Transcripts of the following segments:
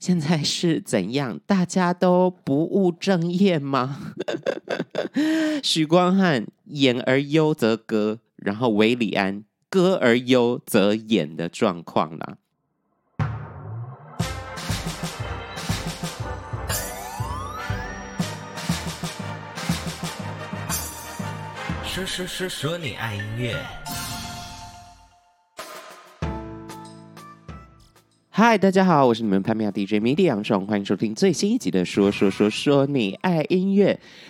現在是怎樣？大家都不務正業嗎？許 光漢演而優則歌，然後韋禮安歌而優則演的狀況啦、啊。說說說說你愛音樂。嗨，大家好，我是你們潘米亞 DJ Midi 楊雙，歡迎收聽最新一集的說《說說說說你愛音樂》，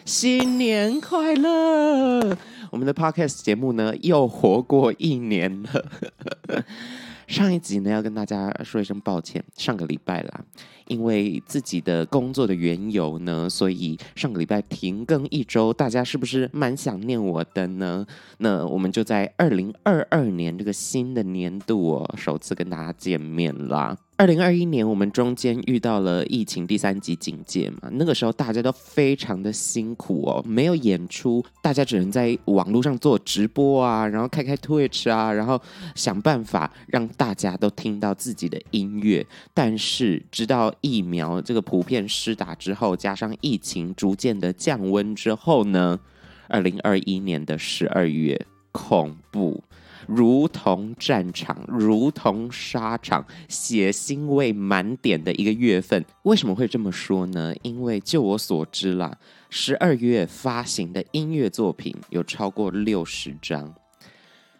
新年快樂！我們的 Podcast 節目呢又活過一年了。 上一集呢要跟大家說一聲抱歉，上個禮拜啦。因為自己的工作的緣由呢，所以上個禮拜停更一周，大家是不是蠻想念我的呢？那我們就在二零二二年這個新的年度哦，首次跟大家見面啦。二零二一年我們中間遇到了疫情第三級警戒嘛，那個時候大家都非常的辛苦哦，沒有演出，大家只能在網路上做直播啊，然後開開 Twitch 啊，然後想辦法讓大家都聽到自己的音樂，但是直到。疫苗這個普遍施打之後，加上疫情逐漸的降溫之後呢，二零二一年的十二月，恐怖如同戰場，如同沙場，血腥味滿點的一個月份。為什麼會這麼說呢？因為就我所知啦，十二月發行的音樂作品有超過六十張，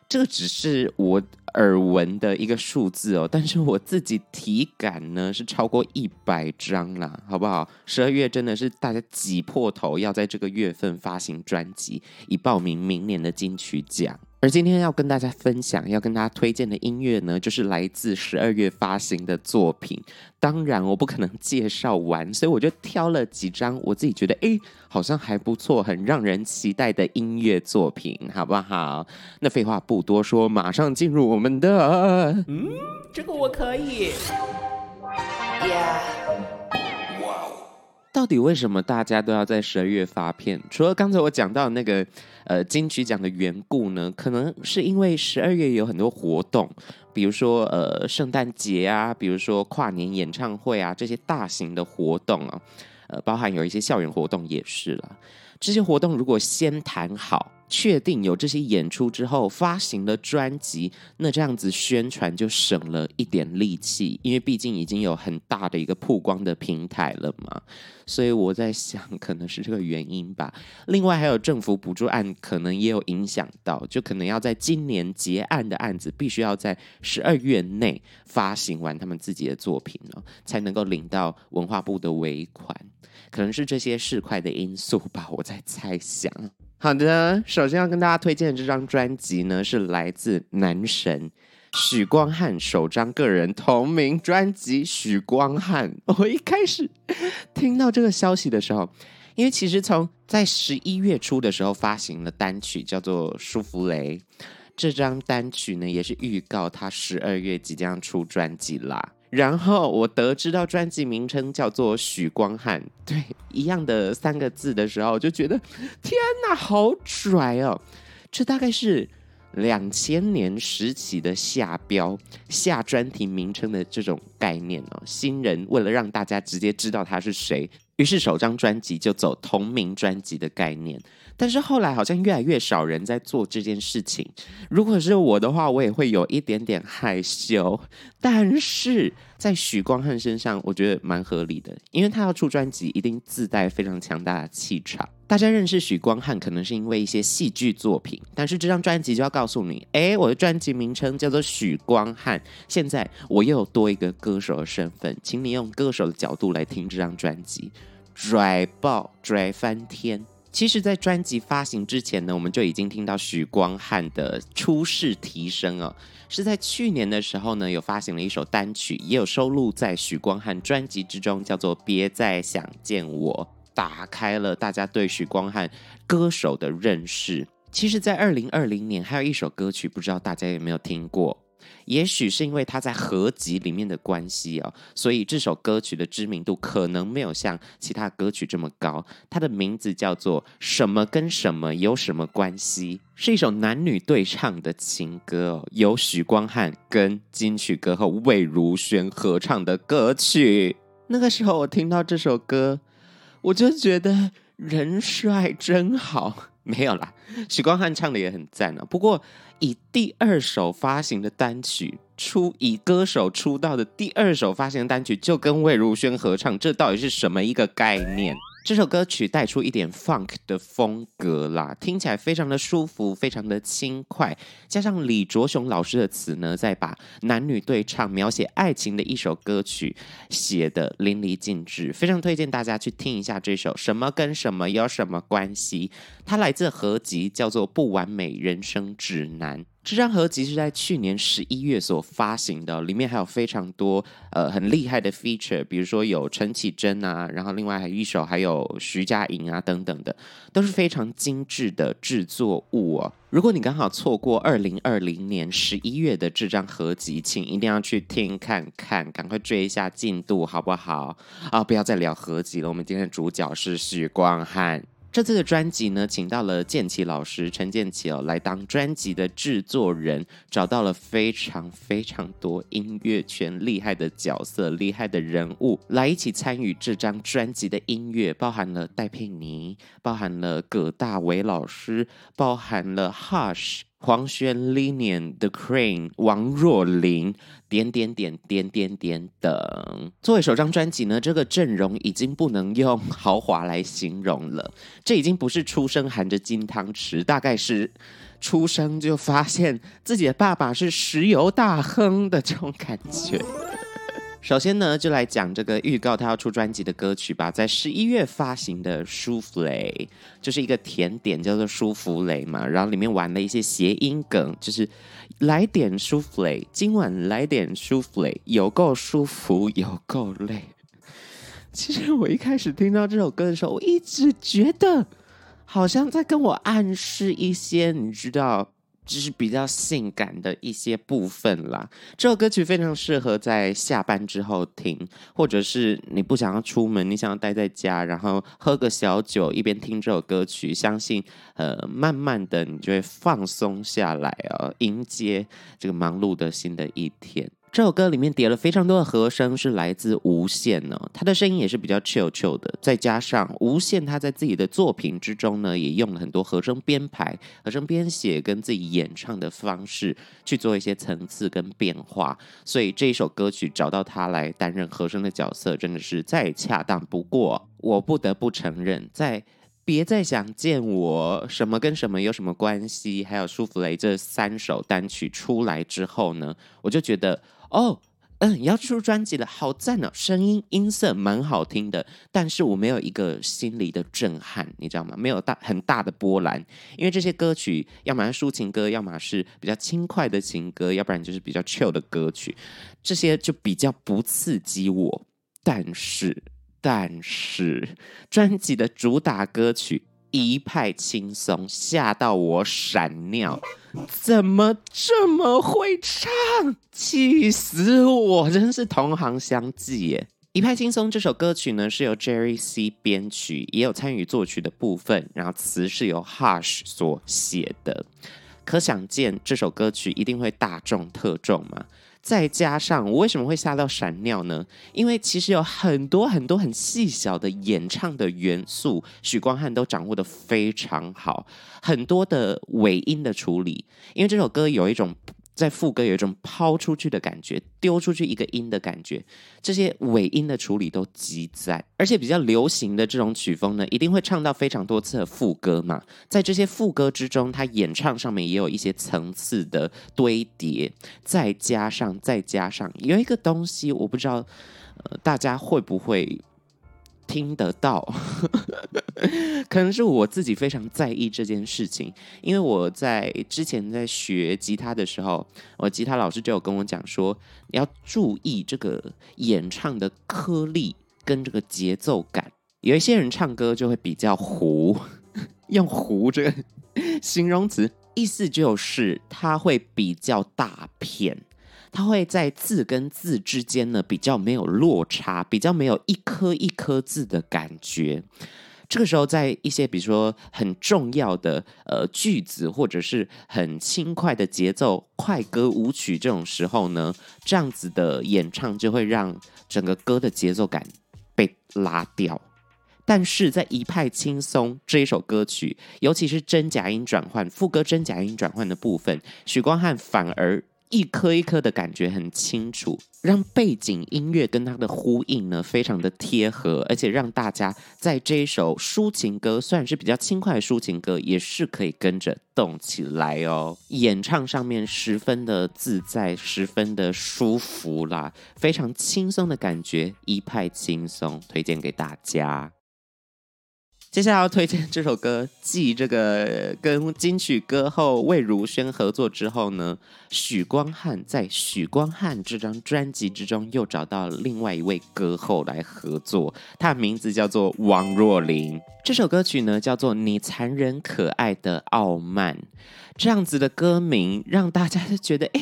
這個只是我。耳聞的一個數字哦，但是我自己體感呢是超過一百張啦，好不好？十二月真的是大家擠破頭要在這個月份發行專輯，以報名明年的金曲獎。而今天要跟大家分享，要跟大家推薦的音樂呢，就是來自十二月發行的作品。當然，我不可能介紹完，所以我就挑了幾張我自己覺得哎、欸，好像還不錯、很讓人期待的音樂作品，好不好？那廢話不多說，馬上進入我們的……嗯，這個我可以。Yeah! 到底為什麼大家都要在十二月發片？除了剛才我講到那個，呃，金曲獎的緣故呢？可能是因為十二月有很多活動，比如說呃，聖誕節啊，比如說跨年演唱會啊，這些大型的活動啊，呃，包含有一些校園活動也是了。這些活動如果先談好。確定有這些演出之後，發行了專輯，那這樣子宣傳就省了一點力氣，因為畢竟已經有很大的一個曝光的平台了嘛。所以我在想，可能是這個原因吧。另外還有政府補助案，可能也有影響到，就可能要在今年結案的案子，必須要在十二月內發行完他們自己的作品了，哦，才能夠領到文化部的尾款。可能是這些市儈的因素吧，我在猜想。好的，首先要跟大家推薦的這張專輯呢，是來自男神許光漢首張個人同名專輯《許光漢》。我一開始聽到這個消息的時候，因為其實從在十一月初的時候發行了單曲叫做《舒芙蕾》，這張單曲呢也是預告他十二月即將出專輯啦。然後我得知到專輯名稱叫做許光漢，對，一樣的三個字的時候，我就覺得天哪，好拽哦！這大概是兩千年時期的下標，下專題名稱的這種概念哦。新人為了讓大家直接知道他是誰，於是首張專輯就走同名專輯的概念。但是後來好像越來越少人在做這件事情。如果是我的話，我也會有一點點害羞。但是在許光漢身上，我覺得蠻合理的，因為他要出專輯，一定自帶非常強大的氣場。大家認識許光漢，可能是因為一些戲劇作品，但是這張專輯就要告訴你，誒、欸，我的專輯名稱叫做許光漢。現在我又有多一個歌手的身份，請你用歌手的角度來聽這張專輯，拽爆，拽翻天。其實，在專輯發行之前呢，我們就已經聽到許光漢的初試啼聲哦，是在去年的時候呢，有發行了一首單曲，也有收錄在許光漢專輯之中，叫做《別再想見我》，打開了大家對許光漢歌手的認識。其實，在二零二零年，還有一首歌曲，不知道大家有沒有聽過。也許是因為他在合集裡面的關係哦，所以這首歌曲的知名度可能沒有像其他歌曲這麼高。它的名字叫做《什麼跟什麼有什麼關係》，是一首男女對唱的情歌哦，由許光漢跟金曲歌后魏如萱合唱的歌曲。那個時候我聽到這首歌，我就覺得人帥真好。沒有啦，許光漢唱的也很讚哦、啊。不過，以第二首發行的單曲，出以歌手出道的第二首發行的單曲，就跟魏如萱合唱，這到底是什麼一個概念？這首歌曲帶出一點 funk 的風格啦，聽起來非常的舒服，非常的輕快，加上李卓雄老師的詞呢，再把男女對唱描寫愛情的一首歌曲寫得淋漓盡致，非常推薦大家去聽一下這首《什麼跟什麼有什麼關係》，它來自合集叫做《不完美人生指南》。這張合集是在去年十一月所發行的哦，裡面還有非常多呃很厲害的 feature，比如說有陳綺貞啊，然後另外還一首還有徐佳瑩啊等等的，都是非常精緻的製作物哦。如果你剛好錯過二零二零年十一月的這張合集，請一定要去聽看看，趕快追一下進度好不好啊？哦，不要再聊合集了，我們今天的主角是許光漢。這次的專輯呢，請到了建騏老師陳建騏哦，來當專輯的製作人，找到了非常非常多音樂圈厲害的角色、厲害的人物來一起參與這張專輯的音樂，包含了戴佩妮，包含了葛大為老師，包含了 Hush。黃宣、Linion、The Crane、王若琳、點點點點點點等，作為首張專輯呢，這個陣容已經不能用豪華來形容了。這已經不是出生含着金湯匙，大概是出生就發現自己的爸爸是石油大亨的這種感覺。 首先呢，就來講這個預告，他要出專輯的歌曲吧。在十一月發行的舒芙蕾，就是一個甜點，叫做舒芙蕾嘛。然後裡面玩了一些諧音梗，就是來點舒芙蕾，今晚來點舒芙蕾，有夠舒服，有夠累。其實我一開始聽到這首歌的時候，我一直覺得好像在跟我暗示一些，你知道。就是比較性感的一些部分啦。這首歌曲非常適合在下班之後聽，或者是你不想要出門，你想要待在家，然後喝個小酒，一邊聽這首歌曲，相信呃，慢慢的你就會放鬆下來啊、哦，迎接這個忙碌的新的一天。這首歌裡面疊了非常多的和聲，是來自無限呢、哦。他的聲音也是比較 Chill Chill 的，再加上無限他在自己的作品之中呢，也用了很多和聲編排、和聲編寫跟自己演唱的方式去做一些層次跟變化。所以這一首歌曲找到他來擔任和聲的角色，真的是再恰當不過。我不得不承認，在《別再想見我》、什麼跟什麼有什麼關係，還有《舒芙蕾》這三首單曲出來之後呢，我就覺得。哦，嗯，要出專輯了，好讚哦！聲音音色蠻好聽的，但是我沒有一個心理的震撼，你知道嗎？沒有大很大的波瀾，因為這些歌曲要麼是抒情歌，要麼是比較輕快的情歌，要不然就是比較 chill 的歌曲，這些就比較不刺激我。但是，但是專輯的主打歌曲。一派輕鬆，嚇到我閃尿！怎麼這麼會唱？氣死我！真是同行相忌耶！一派輕鬆這首歌曲呢，是由 Jerry C 編曲，也有參與作曲的部分，然後詞是由 Hush 所寫的，可想見這首歌曲一定會大中特中嘛。再加上我為什麼會嚇到閃尿呢？因為其實有很多很多很細小的演唱的元素，許光漢都掌握的非常好，很多的尾音的處理，因為這首歌有一種，在副歌有一種拋出去的感覺，丟出去一個音的感覺，這些尾音的處理都極讚，而且比較流行的這種曲風呢，一定會唱到非常多次的副歌嘛，在這些副歌之中，他演唱上面也有一些層次的堆疊，再加上再加上有一個東西，我不知道，呃，大家會不會？聽得到， 可能是我自己非常在意這件事情，因為我在之前在學吉他的時候，我吉他老師就有跟我講說，你要注意這個演唱的顆粒跟這個節奏感。有一些人唱歌就會比較糊，用“糊”這個形容詞，意思就是它會比較大片。它會在字跟字之間呢，比較沒有落差，比較沒有一顆一顆字的感覺。這個時候，在一些比如說很重要的呃句子，或者是很輕快的節奏，快歌舞曲這種時候呢，這樣子的演唱就會讓整個歌的節奏感被拉掉。但是在一派輕鬆這一首歌曲，尤其是真假音轉換，副歌真假音轉換的部分，許光漢反而，一顆一顆的感覺很清楚，讓背景音樂跟它的呼應呢非常的貼合，而且讓大家在這一首抒情歌，雖然是比較輕快的抒情歌，也是可以跟着動起來哦。演唱上面十分的自在，十分的舒服啦，非常輕鬆的感覺，一派輕鬆，推薦給大家。接下來要推薦這首歌，繼這個跟金曲歌后魏如萱合作之後呢，許光漢在許光漢這張專輯之中又找到了另外一位歌後來合作，他的名字叫做王若琳。這首歌曲呢叫做《你殘忍可愛的傲慢》，這樣子的歌名讓大家都覺得誒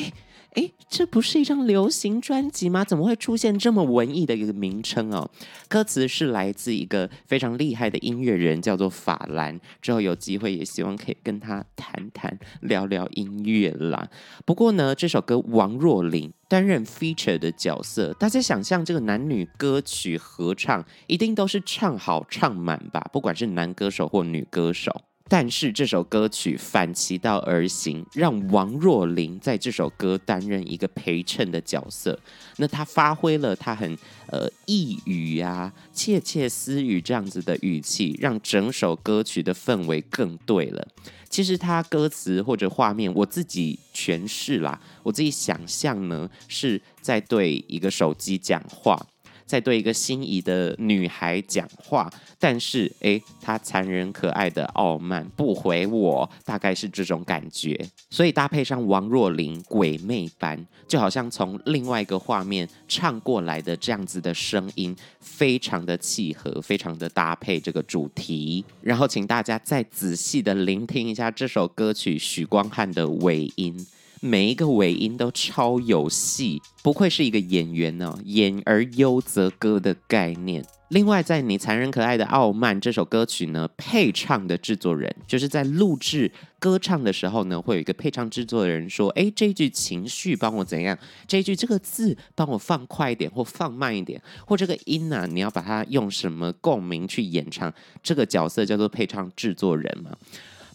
哎，這不是一張流行專輯嗎？怎麼會出現這麼文藝的一個名稱哦？歌詞是來自一個非常厲害的音樂人，叫做法蘭。之後有機會也希望可以跟他談談聊聊音樂啦。不過呢，這首歌王若琳擔任 feature 的角色，大家想象這個男女歌曲合唱，一定都是唱好唱滿吧？不管是男歌手或女歌手。但是這首歌曲反其道而行，讓王若琳在這首歌擔任一個陪襯的角色。那他發揮了他很呃抑鬱啊、竊竊私語這樣子的語氣，讓整首歌曲的氛圍更對了。其實他歌詞或者畫面，我自己詮釋啦，我自己想象呢，是在對一個手機講話，在對一個心儀的女孩講話，但是哎，她殘忍可愛的傲慢不回我，大概是這種感覺。所以搭配上王若琳鬼魅般，就好像從另外一個畫面唱過來的這樣子的聲音，非常的契合，非常的搭配這個主題。然後請大家再仔細的聆聽一下這首歌曲許光漢的尾音。每一個尾音都超有戲，不愧是一個演員呢、哦。演而優則歌的概念。另外在，在你殘忍可愛的傲慢這首歌曲呢，配唱的製作人就是在錄製歌唱的時候呢，會有一個配唱製作人說：“哎，這一句情緒幫我怎樣？這一句這個字幫我放快一點，或放慢一點，或這個音吶、啊，你要把它用什麼共鳴去演唱？”這個角色叫做配唱製作人嘛。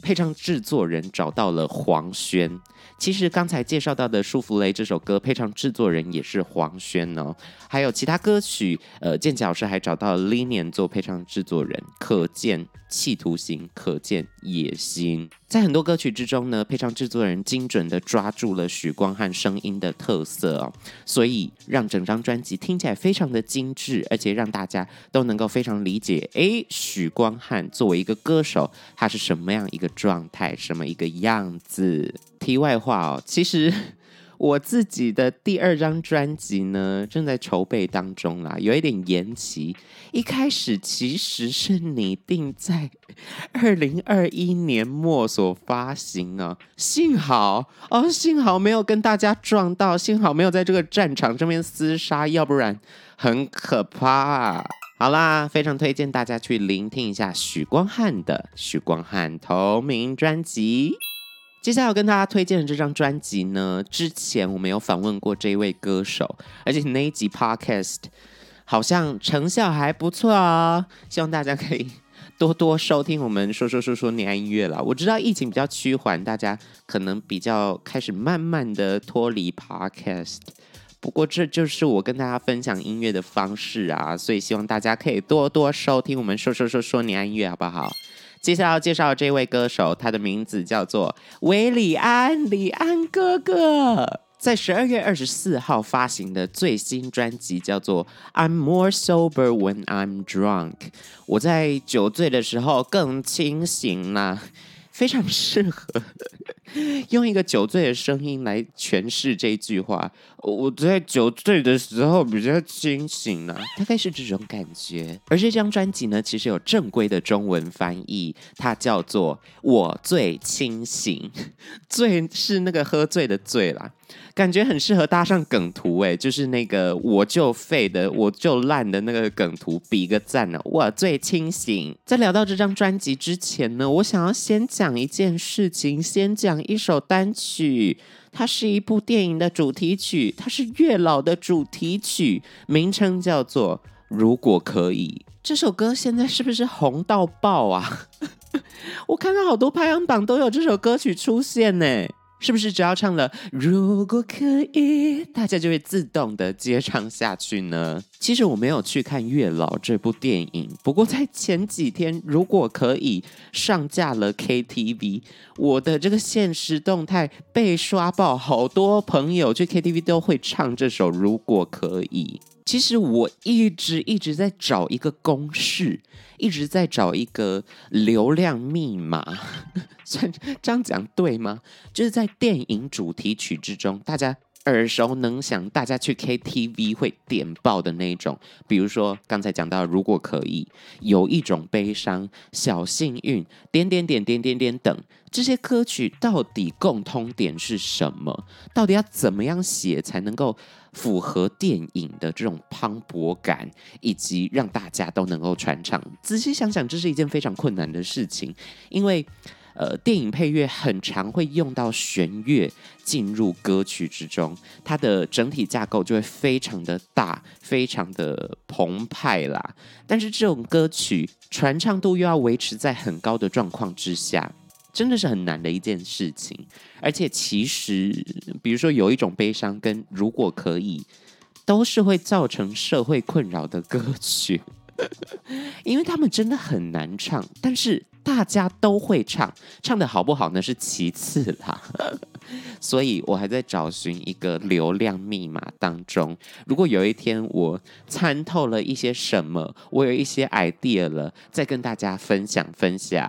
配唱製作人找到了黃軒。其實剛才介紹到的《舒芙蕾》這首歌，配唱製作人也是黃軒哦。還有其他歌曲，呃，建騏老師還找到了 Linian 做配唱製作人。可見。企圖形，可見野心。在很多歌曲之中呢，配唱製作人精準地抓住了許光漢聲音的特色哦，所以讓整張專輯聽起來非常的精緻，而且讓大家都能夠非常理解，哎，許光漢作為一個歌手，他是什麼樣一個狀態，什麼一個樣子。題外話哦，其實。我自己的第二張專輯呢，正在籌備當中啦，有一點延期。一開始其實是擬定在二零二一年末所發行啊，幸好哦，幸好沒有跟大家撞到，幸好沒有在這個戰場上面廝殺，要不然很可怕啊。好啦，非常推薦大家去聆聽一下許光漢的許光漢同名專輯。接下來要跟大家推薦的這張專輯呢，之前我們有訪問過這位歌手，而且那一集 podcast 好像成效還不錯啊，哦，希望大家可以多多收聽我們說說說說你愛音樂了。我知道疫情比較趨緩，大家可能比較開始慢慢的脫離 podcast，不過這就是我跟大家分享音樂的方式啊，所以希望大家可以多多收聽我們說說說說你愛音樂，好不好？接下來要介紹這位歌手，他的名字叫做韋禮安·李安哥哥，在十二月二十四號發行的最新專輯叫做《I'm More Sober When I'm Drunk》，我在酒醉的時候更清醒了。非常適合用一個酒醉的聲音來詮釋這句話。我在酒醉的時候比較清醒啊，大概是這種感覺。而這張專輯呢，其實有正規的中文翻譯，它叫做《我醉清醒》，醉是那個喝醉的醉啦。感覺很適合搭上梗圖哎，就是那個我就廢的我就爛的那個梗圖，比個讚呢、啊。我最清醒！在聊到這張專輯之前呢，我想要先講一件事情，先講一首單曲，它是一部電影的主題曲，它是《月老》的主題曲，名稱叫做《如果可以》。這首歌現在是不是紅到爆啊？ 我看到好多排行榜都有這首歌曲出現呢。是不是只要唱了《如果可以》，大家就會自動的接唱下去呢？其實我沒有去看《月老》這部電影，不過在前幾天，《如果可以》上架了 KTV，我的這個限時動態被刷爆，好多朋友去 KTV 都會唱這首《如果可以》。其實我一直一直在找一個公式，一直在找一個流量密碼。算這樣講對嗎？就是在電影主題曲之中，大家耳熟能詳，大家去 KTV 會點爆的那種。比如說剛才講到，《如果可以》、有一種悲傷、小幸運、點點點點點點點等這些歌曲，到底共通點是什麼？到底要怎麼樣寫才能夠？符合電影的這種磅礴感，以及讓大家都能夠傳唱。仔細想想，這是一件非常困難的事情，因為呃，電影配樂很常會用到弦樂進入歌曲之中，它的整體架構就會非常的大，非常的澎湃啦。但是這種歌曲傳唱度又要維持在很高的狀況之下。真的是很難的一件事情，而且其實，比如說有一種悲傷跟如果可以，都是會造成社會困擾的歌曲， 因為他們真的很難唱，但是大家都會唱，唱得好不好呢，是其次啦。 所以我還在找尋一個流量密碼當中，如果有一天我參透了一些什麼，我有一些 idea 了，再跟大家分享分享。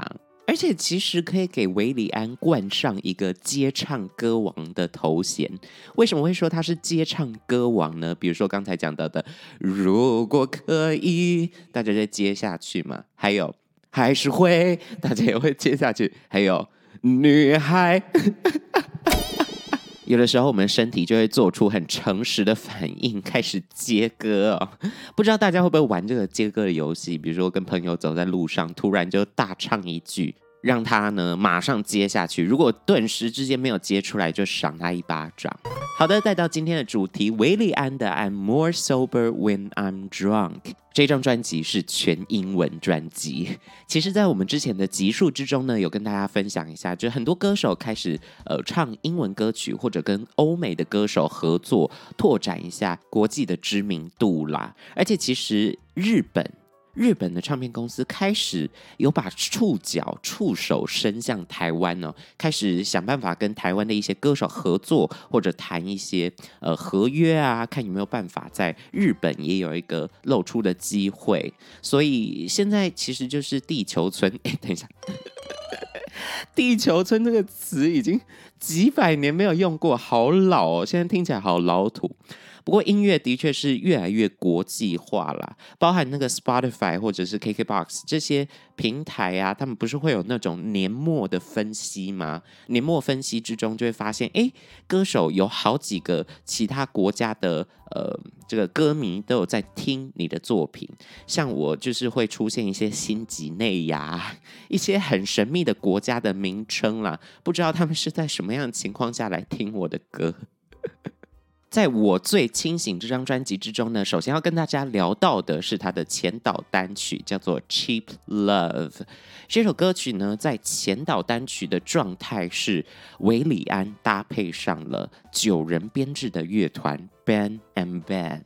而且其實可以給韋禮安冠上一個接唱歌王的頭銜。為什麼會說他是接唱歌王呢？比如說剛才講到的，如果可以，大家就接下去嘛。還有還是會，大家也會接下去。還有女孩， 有的時候我們身體就會做出很誠實的反應，開始接歌哦。不知道大家會不會玩這個接歌的遊戲？比如說跟朋友走在路上，突然就大唱一句。讓他呢馬上接下去，如果頓時之間沒有接出來，就賞他一巴掌。 好的，帶到今天的主題，韋禮安的《 really, I'm, the, I'm More Sober When I'm Drunk》這張專輯是全英文專輯。其實，在我們之前的集數之中呢，有跟大家分享一下，就很多歌手開始呃唱英文歌曲，或者跟歐美的歌手合作，拓展一下國際的知名度啦。而且，其實日本。日本的唱片公司開始有把觸角、觸手伸向台灣哦，開始想辦法跟台灣的一些歌手合作，或者談一些呃合約啊，看有沒有辦法在日本也有一個露出的機會。所以現在其實就是地球村。哎、欸，等一下，地球村這個詞已經幾百年沒有用過，好老哦，現在聽起來好老土。不過音樂的確是越來越國際化啦，包含那個 Spotify 或者是 KKBOX 這些平台啊，他們不是會有那種年末的分析嗎？年末分析之中就會發現，哎，歌手有好幾個其他國家的呃，這個歌迷都有在聽你的作品，像我就是會出現一些新幾內亞，一些很神秘的國家的名稱啦，不知道他們是在什麼樣的情況下來聽我的歌。在我最清醒這張專輯之中呢，首先要跟大家聊到的是他的前導單曲，叫做《Cheap Love》。這首歌曲呢，在前導單曲的狀態是韋禮安搭配上了九人編制的樂團 Ben and Ben。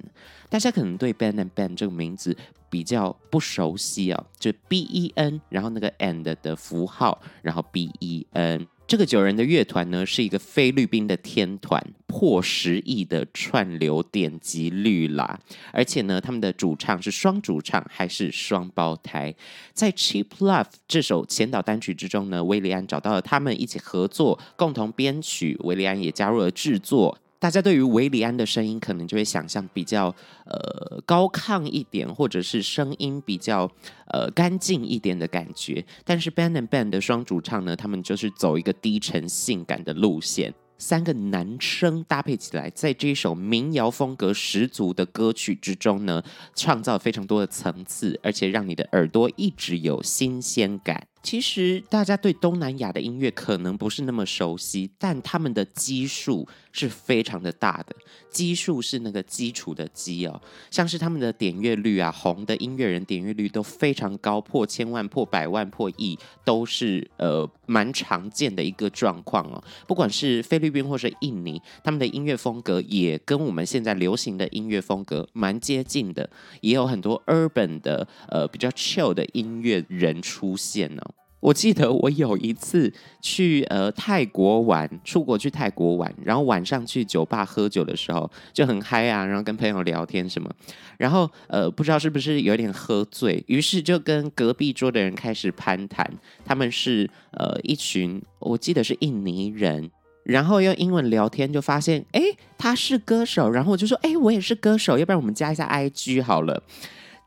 大家可能對 Ben and Ben 這個名字比較不熟悉啊、哦，就 B E N，然後那個 and 的，的符號，然後 B E N。這個九人的樂團呢，是一個菲律賓的天團，破十億的串流點擊率啦！而且呢，他們的主唱是雙主唱，還是雙胞胎。在《Cheap Love》這首前導單曲之中呢，韋禮安找到了他們一起合作，共同編曲，韋禮安也加入了制作。大家對於韋禮安的聲音可能就會想象比較呃高亢一點，或者是聲音比較呃乾淨一點的感覺。但是 Ben and Ben 的雙主唱呢，他們就是走一個低沉性感的路線。三個男生搭配起來，在這一首民謠風格十足的歌曲之中呢，創造非常多的層次，而且讓你的耳朵一直有新鮮感。其實大家對東南亞的音樂可能不是那麼熟悉，但他們的基數是非常的大的。基數是那個基礎的基哦，像是他們的點閱率啊，紅的音樂人點閱率都非常高，破千萬、破百萬、破億都是呃蠻常見的一個狀況哦。不管是菲律賓或是印尼，他們的音樂風格也跟我們現在流行的音樂風格蠻接近的，也有很多 urban 的呃比較 chill 的音樂人出現呢、哦。我記得我有一次去呃泰國玩，出國去泰國玩，然後晚上去酒吧喝酒的時候就很嗨啊，然後跟朋友聊天什麼，然後呃不知道是不是有點喝醉，於是就跟隔壁桌的人開始攀談，他們是呃一群，我記得是印尼人，然後用英文聊天就發現，誒他是歌手，然後我就說，誒我也是歌手，要不然我們加一下 IG 好了。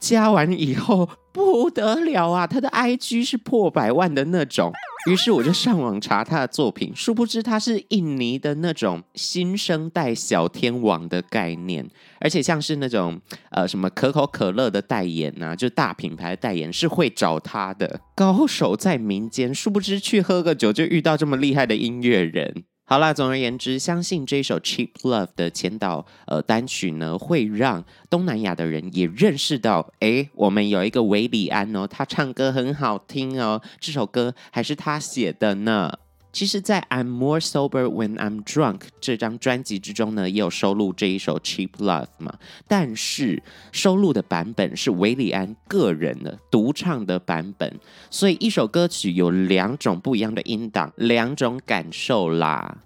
加完以後不得了啊，他的 IG 是破百萬的那種。於是我就上網查他的作品，殊不知他是印尼的那種新生代小天王的概念，而且像是那種呃什麼可口可樂的代言吶啊，就大品牌的代言是會找他的。高手在民間，殊不知去喝個酒就遇到這麼厲害的音樂人。好啦，總而言之，相信這首《Cheap Love》的前導呃單曲呢，會讓東南亞的人也認識到，哎、欸，我們有一個韋禮安哦，他唱歌很好聽哦，這首歌還是他寫的呢。其實，在《I'm More Sober When I'm Drunk》這張專輯之中呢，也有收錄這一首《Cheap Love》嘛，但是收錄的版本是韋禮安個人的獨唱的版本，所以一首歌曲有兩種不一樣的音檔，兩種感受啦。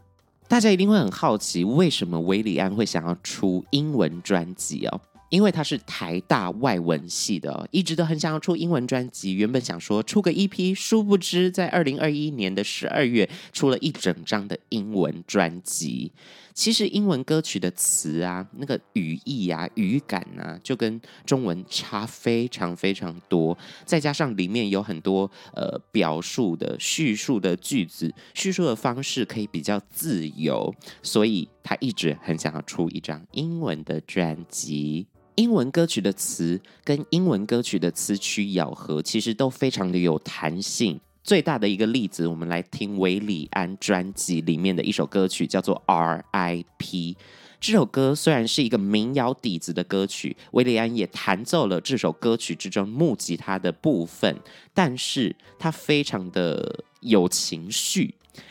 大家一定會很好奇，為什麼韋禮安會想要出英文專輯哦？因為他是台大外文系的哦，一直都很想要出英文專輯。原本想說出個 EP，殊不知在二零二一年的十二月出了一整張的英文專輯。其實英文歌曲的詞啊，那個語義啊、語感啊，就跟中文差非常非常多。再加上裡面有很多呃表述的敘述的句子，敘述的方式可以比較自由，所以他一直很想要出一張英文的專輯。英文歌曲的詞跟英文歌曲的詞曲咬合，其實都非常的有彈性。最大的一個例子，我們來聽韋禮安專輯裡面的一首歌曲，叫做《R.I.P.》。這首歌雖然是一個民謠底子的歌曲，韋禮安也彈奏了這首歌曲之中木吉他的部分，但是他非常的有情緒、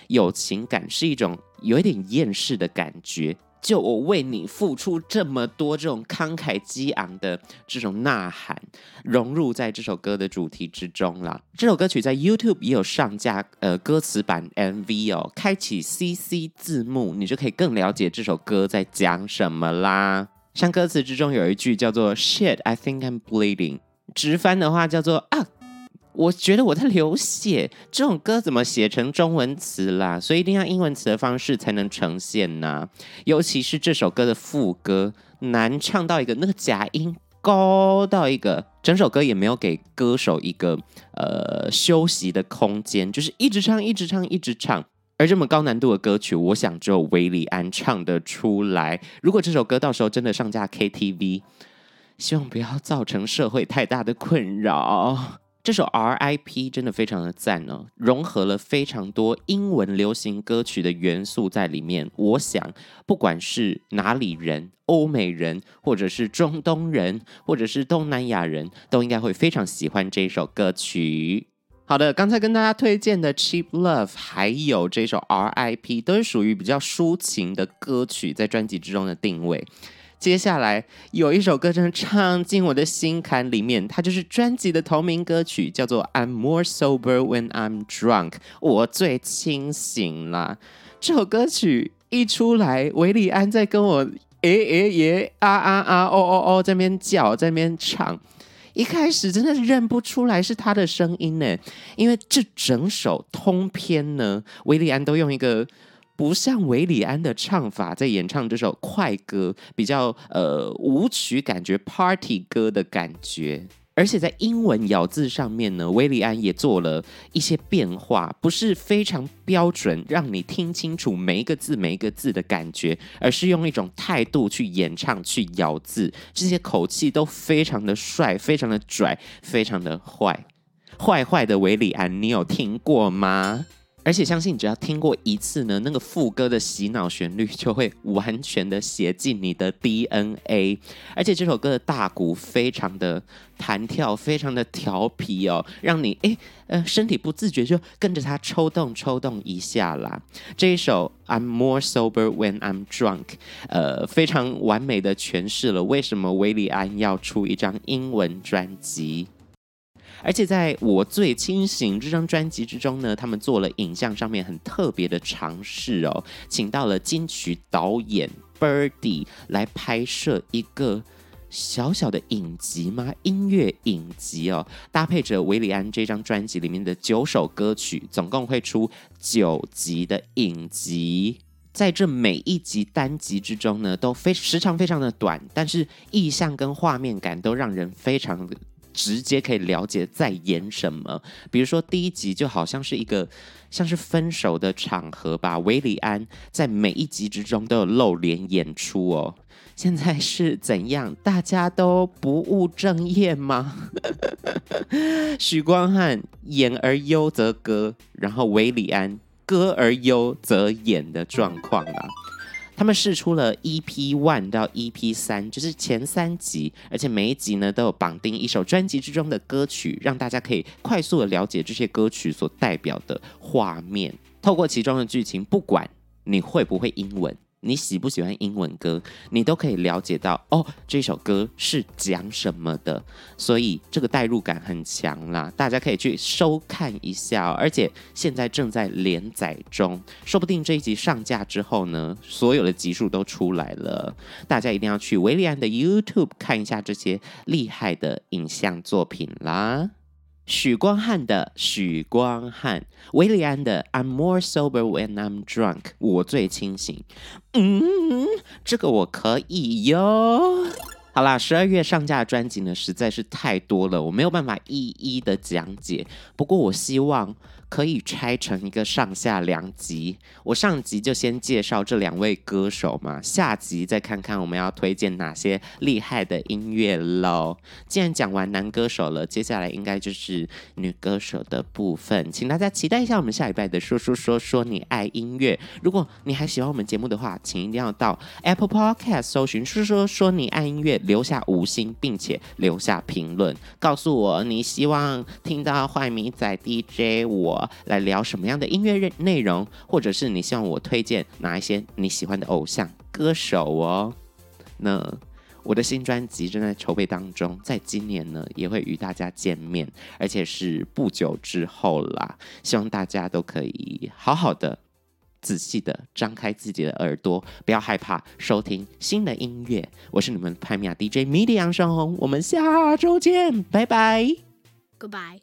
有情感，是一種有一點厭世的感覺。就我為你付出這麼多，這種慷慨激昂的這種吶喊，融入在這首歌的主題之中了。這首歌曲在 YouTube 也有上架，呃，歌詞版 MV 哦，開啟 CC 字幕，你就可以更了解這首歌在講什麼啦。像歌詞之中有一句叫做 “Shit，I think I'm bleeding”，直翻的話叫做“啊”。我覺得我在流血，這種歌怎麼寫成中文詞啦？所以一定要英文詞的方式才能呈現呢、啊。尤其是這首歌的副歌，難唱到一個那個假音高到一個，整首歌也沒有給歌手一個呃休息的空間，就是一直唱，一直唱，一直唱。而這麼高難度的歌曲，我想只有韋禮安唱得出來。如果這首歌到時候真的上架 KTV，希望不要造成社會太大的困擾。這首 RIP 真的非常的讚哦，融合了非常多英文流行歌曲的元素在裡面。我想，不管是哪裡人、歐美人，或者是中東人，或者是東南亞人，都應該會非常喜歡這首歌曲。好的，剛才跟大家推薦的 Cheap Love，還有這首 RIP，都是屬於比較抒情的歌曲，在專輯之中的定位。接下來有一首歌真唱進我的心坎裡面，它就是專輯的同名歌曲，叫做《I'm More Sober When I'm Drunk》，我最清醒了。這首歌曲一出來，韋禮安在跟我誒誒耶啊啊啊哦哦哦在那邊叫，在那邊唱，一開始真的是認不出來是他的聲音呢，因為這整首通篇呢，韋禮安都用一個不像韋禮安的唱法，在演唱這首快歌比較呃舞曲感覺、party 歌的感覺，而且在英文咬字上面呢，韋禮安也做了一些變化，不是非常標準，讓你聽清楚每一個字、每一個字的感覺，而是用一種態度去演唱、去咬字，這些口氣都非常的帥、非常的拽、非常的壞，壞壞的韋禮安，你有聽過嗎？而且相信你只要聽過一次呢，那個副歌的洗腦旋律就會完全的寫進你的 DNA。而且這首歌的大鼓非常的彈跳，非常的調皮哦，讓你哎、欸、呃身體不自覺就跟着它抽動抽動一下啦。這一首《I'm More Sober When I'm Drunk》呃，非常完美的詮釋了為什麼韋禮安要出一張英文專輯。而且在我最清醒這張專輯之中呢，他們做了影像上面很特別的嘗試哦，請到了金曲導演 Birdy 來拍攝一個小小的影集嗎？音樂影集哦，搭配着韋禮安這張專輯裡面的九首歌曲，總共會出九集的影集。在這每一集單集之中呢，都非時長非常的短，但是意象跟畫面感都讓人非常的。直接可以了解在演什麼，比如說第一集就好像是一個像是分手的場合吧。韋禮安在每一集之中都有露臉演出哦。現在是怎樣？大家都不務正業嗎？許 光漢演而優則歌，然後韋禮安歌而優則演的狀況啊。他們釋出了 E P one 到 E P 三，就是前三集，而且每一集呢都有綁定一首專輯之中的歌曲，讓大家可以快速的了解這些歌曲所代表的畫面，透過其中的劇情，不管你會不會英文。你喜不喜歡英文歌，你都可以了解到哦，這首歌是講什麼的，所以這個代入感很強啦，大家可以去收看一下哦，而且現在正在連載中，說不定這一集上架之後呢，所有的集數都出來了，大家一定要去韋禮安的 YouTube 看一下這些厲害的影像作品啦。許光漢的許光漢，韋禮安的 I'm more sober when I'm drunk，我最清醒。嗯，這個我可以喲。 好啦，十二月上架的專輯呢，實在是太多了，我沒有辦法一一的講解。不過，我希望。可以拆成一個上下兩集，我上集就先介紹這兩位歌手嘛，下集再看看我們要推薦哪些厲害的音樂嘍。既然講完男歌手了，接下來應該就是女歌手的部分，請大家期待一下我們下禮拜的說說說說你愛音樂。如果你還喜歡我們節目的話，請一定要到 Apple Podcast 搜尋說說說你愛音樂，留下五星，並且留下評論，告訴我你希望聽到壞米仔 DJ 我來聊什麼樣的音樂內容，或者是你希望我推薦哪一些你喜歡的偶像歌手哦。那我的新專輯正在籌備當中，在今年呢也會與大家見面，而且是不久之後啦。希望大家都可以好好的、仔細的張開自己的耳朵，不要害怕收聽新的音樂。我是你們帕米婭 DJ 米揚雙紅，我們下周見，拜拜，Goodbye。